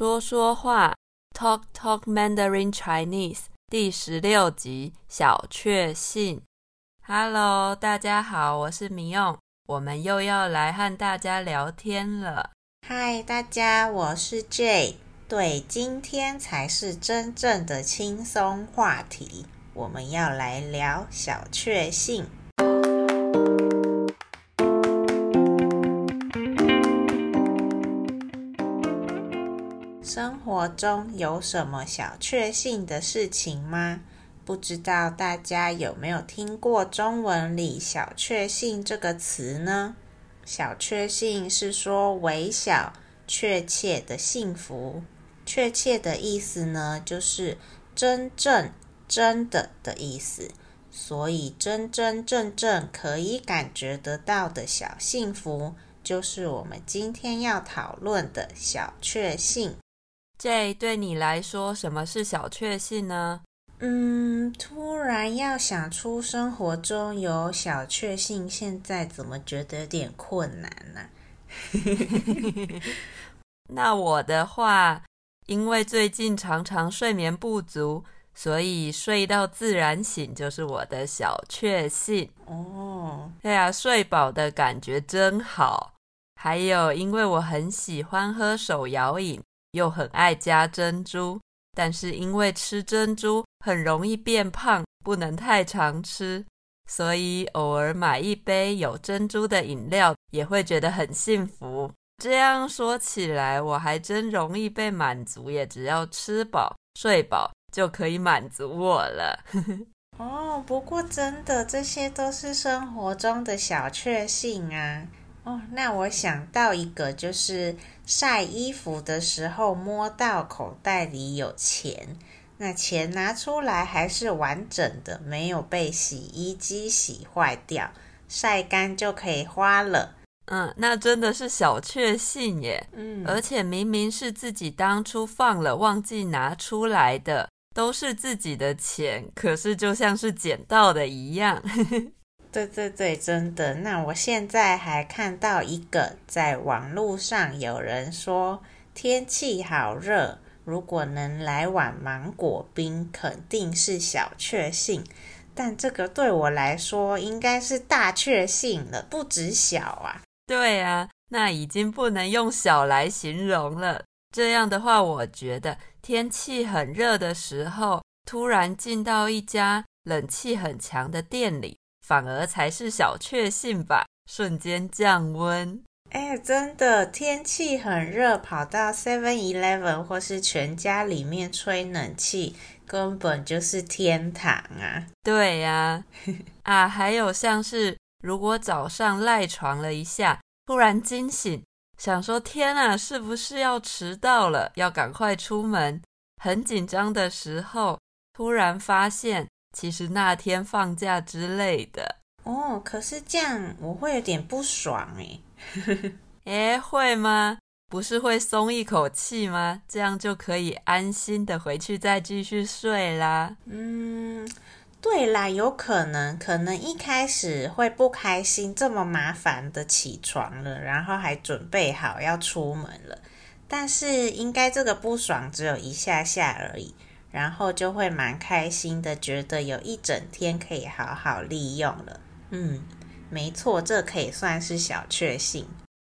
說說話，Talk Talk Mandarin Chinese，第十六集小確幸。Hello，大家好，我是 Mion，我們又要來和大家聊天了。Hi，大家，我是 Jai。對，今天才是真正的輕鬆話題，我們要來聊小確幸。生活中有什麼小確幸的事情嗎？不知道大家有沒有聽過中文裡“小確幸”這個詞呢？“小確幸”是說微小、確切的幸福。確切的意思呢，就是真正、真的的意思。所以，真真正正可以感覺得到的小幸福，就是我們今天要討論的小確幸。Jai，對你來說，什麼是小確幸呢？嗯，突然要想出生活中有小確幸，現在怎麼覺得有點困難呢、啊？ 那我的話，因為最近常常睡眠不足，所以睡到自然醒就是我的小確幸。哦，哎呀，睡飽的感覺真好。還有，因為我很喜歡喝手搖飲。又很愛加珍珠，但是因為吃珍珠很容易變胖，不能太常吃，所以偶爾買一杯有珍珠的飲料也會覺得很幸福。這樣說起來，我還真容易被滿足，也只要吃飽、睡飽就可以滿足我了。 哦，不過真的，這些都是生活中的小確幸啊。哦，那我想到一個，就是。曬衣服的時候摸到口袋裡有錢，那錢拿出來還是完整的，沒有被洗衣機洗壞掉，曬乾就可以花了。嗯，那真的是小確幸耶。嗯，而且明明是自己當初放了，忘記拿出來的，都是自己的錢，可是就像是撿到的一樣。 對對對，真的。那我現在還看到一個，在網絡上有人說天氣好熱，如果能來碗芒果冰，肯定是小確幸。但這個對我來說，應該是大確幸了，不止小啊。對啊，那已經不能用小來形容了。這樣的話，我覺得天氣很熱的時候，突然進到一家冷氣很強的店裡。反而才是小確幸吧，瞬間降溫。哎，真的，天氣很熱，跑到 Seven Eleven 或是全家裡面吹冷氣，根本就是天堂啊！對呀、啊， 啊，還有像是如果早上賴床了一下，突然驚醒，想說天啊，是不是要遲到了？要趕快出門，很緊張的時候，突然發現。其實那天放假之類的哦，可是這樣我會有點不爽哎，哎 會嗎？不是會鬆一口氣嗎？這樣就可以安心的回去再繼續睡啦。嗯，對啦，有可能，可能一開始會不開心，這麼麻煩的起床了，然後還準備好要出門了，但是應該這個不爽只有一下下而已。然後就會蠻開心的，覺得有一整天可以好好利用了。嗯，沒錯，這可以算是小確幸。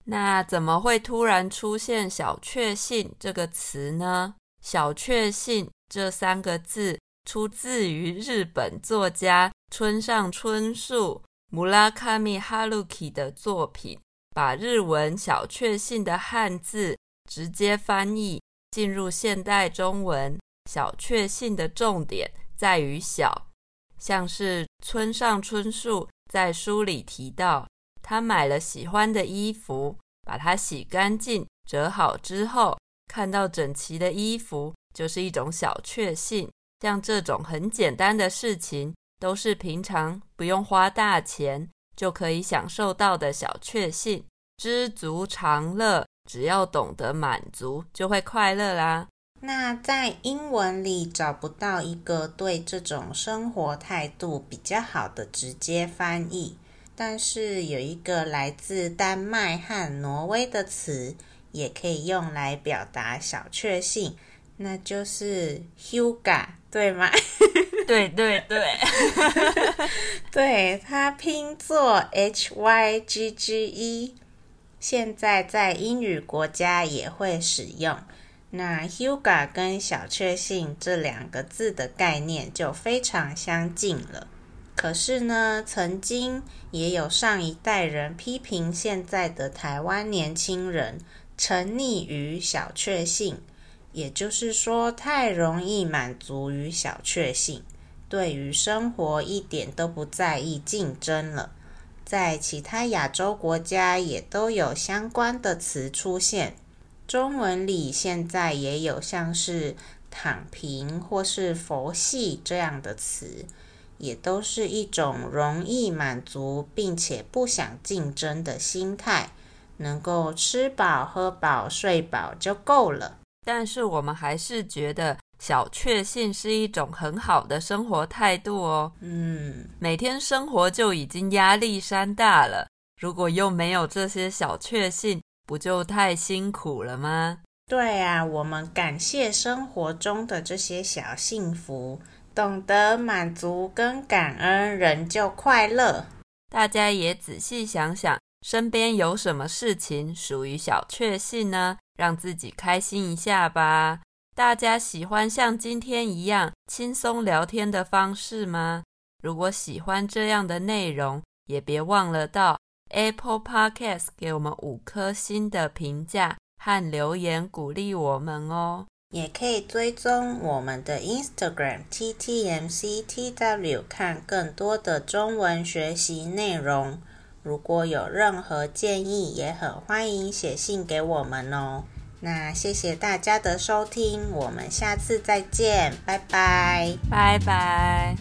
那怎麼會突然出現“小確幸”這個詞呢？“小確幸”這三個字出自於日本作家村上春樹 （Murakami Haruki） 的作品，把日文“小確幸”的漢字直接翻譯進入現代中文。小確幸的重點在於小，像是村上春樹在書裡提到，他買了喜歡的衣服，把它洗乾淨、折好之後，看到整齊的衣服就是一種小確幸。像這種很簡單的事情，都是平常不用花大錢就可以享受到的小確幸。知足常樂，只要懂得滿足，就會快樂啦。那在英文裡找不到一個對這種生活態度比較好的直接翻譯，但是有一個來自丹麥和挪威的詞也可以用來表達小確幸，那就是 “huga”，對嗎？對對對，對，它 拼作 “h y g g e”，現在在英語國家也會使用。那 hygge 跟“小確幸”這兩個字的概念就非常相近了。可是呢，曾經也有上一代人批評現在的台灣年輕人沉溺於小確幸，也就是說太容易滿足於小確幸，對於生活一點都不在意競爭了。在其他亞洲國家也都有相關的詞出現。中文裡現在也有像是“躺平”或是“佛系”這樣的詞，也都是一種容易滿足並且不想競爭的心態，能夠吃飽、喝飽、睡飽就夠了。但是我們還是覺得小確幸是一種很好的生活態度哦。嗯，每天生活就已經壓力山大了，如果又沒有這些小確幸。不就太辛苦了嗎？對啊，我們感謝生活中的這些小幸福，懂得滿足跟感恩，人就快樂。大家也仔細想想，身邊有什麼事情屬於小確幸呢？讓自己開心一下吧。大家喜歡像今天一樣輕鬆聊天的方式嗎？如果喜歡這樣的內容，也別忘了到 Apple Podcast 給我們五顆星的評價和留言鼓勵我們哦，也可以追蹤我們的 Instagram TTMCTW 看更多的中文學習內容。如果有任何建議，也很歡迎寫信給我們哦。那謝謝大家的收聽，我們下次再見，拜拜，拜拜。